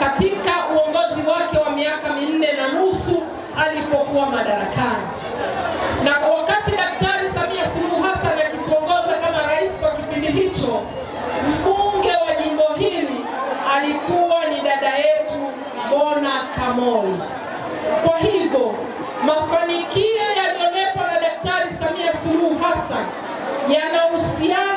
katika uongozi wake wa miaka minne na nusu alipokuwa madarakani. Na wakati Daktari Samia Suluhu Hassan akituongoza kama rais kwa kipindi hicho, mbunge wa jimbo hili alikuwa ni dada yetu Bona Kamoli. Kwa hivyo mafanikio yaliyoletwa na Daktari Samia Suluhu Hassan yanahusiana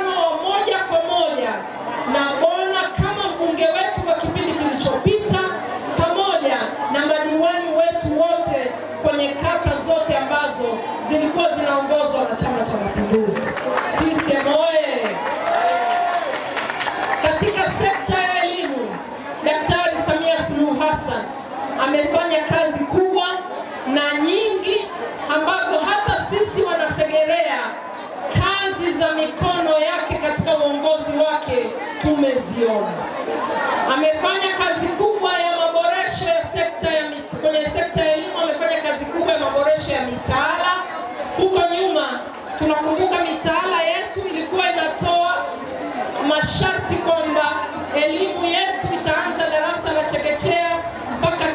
mamlaka zote ambazo zilikuwa zinaongozwa na Chama cha Mapinduzi Sisi oye! Katika sekta ya elimu, Daktari Samia Suluhu Hassan amefanya kazi kubwa na nyingi ambazo hata sisi wanasegerea kazi za mikono yake katika uongozi wake tumeziona. Amefanya kazi tunakumbuka mitaala yetu ilikuwa inatoa masharti kwamba elimu yetu itaanza darasa la chekechea mpaka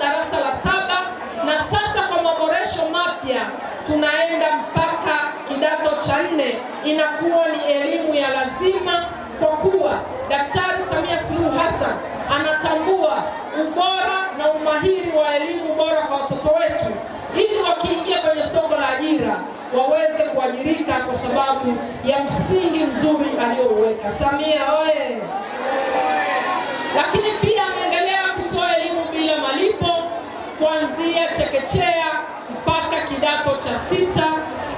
darasa la saba, na sasa kwa maboresho mapya tunaenda mpaka kidato cha nne, inakuwa ni elimu ya lazima, kwa kuwa Daktari Samia Suluhu Hassan anatambua ubora na umahiri imekamilika kwa sababu ya msingi mzuri aliyouweka Samia oye! Lakini pia ameendelea kutoa elimu bila malipo kuanzia chekechea mpaka kidato cha sita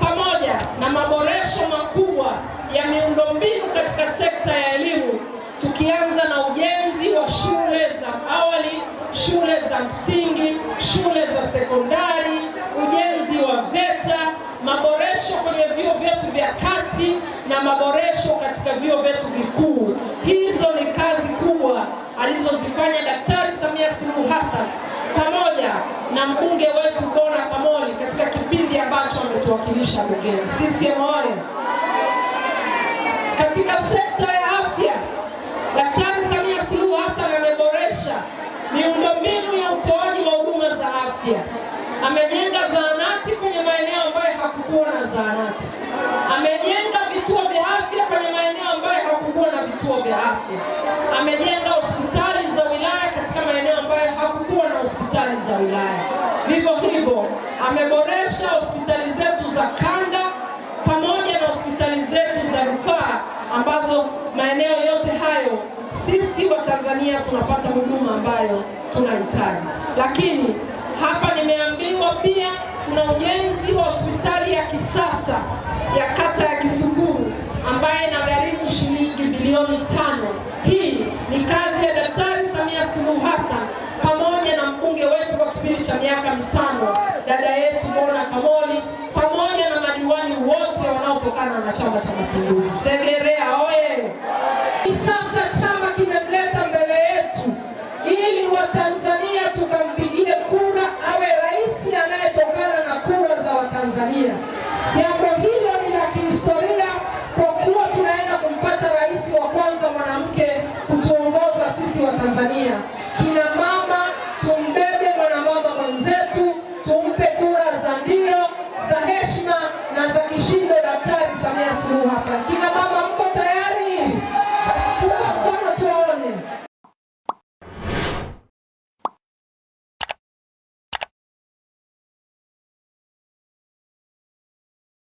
pamoja na maboresho makubwa ya miundombinu katika sekta ya elimu tukianza na ujenzi wa shule za awali, shule za msingi, shule za sekondari kati na maboresho katika vyuo vyetu vikuu. Hizo ni kazi kubwa alizozifanya Daktari Samia Suluhu Hassan pamoja na mbunge wetu Bona Kamoli katika kipindi ambacho ametuwakilisha bungeni. CCM oyee! Katika sekta ya afya, Daktari Samia Suluhu Hassan ameboresha miundombinu ya utoaji wa huduma za afya, amejenga zahanati, amejenga vituo vya afya kwenye maeneo ambayo hakukuwa na vituo vya afya, amejenga hospitali za wilaya katika maeneo ambayo hakukuwa na hospitali za wilaya. Vivyo hivyo ameboresha hospitali zetu za kanda pamoja na hospitali zetu za rufaa ambazo maeneo yote hayo sisi wa Tanzania tunapata huduma ambayo tunahitaji. Lakini hapa nimeambiwa pia kuna ujenzi wa hospitali ya kisasa ya kata ya Kisukuru ambaye inagharimu shilingi bilioni tano. Hii ni kazi ya Daktari Samia Suluhu Hassan pamoja na mbunge wetu kwa kipindi cha miaka mitano dada yetu bona Kamoli pamoja na madiwani wote wanaotokana na Chama cha Mapinduzi Segere Bahia. Tem a corrida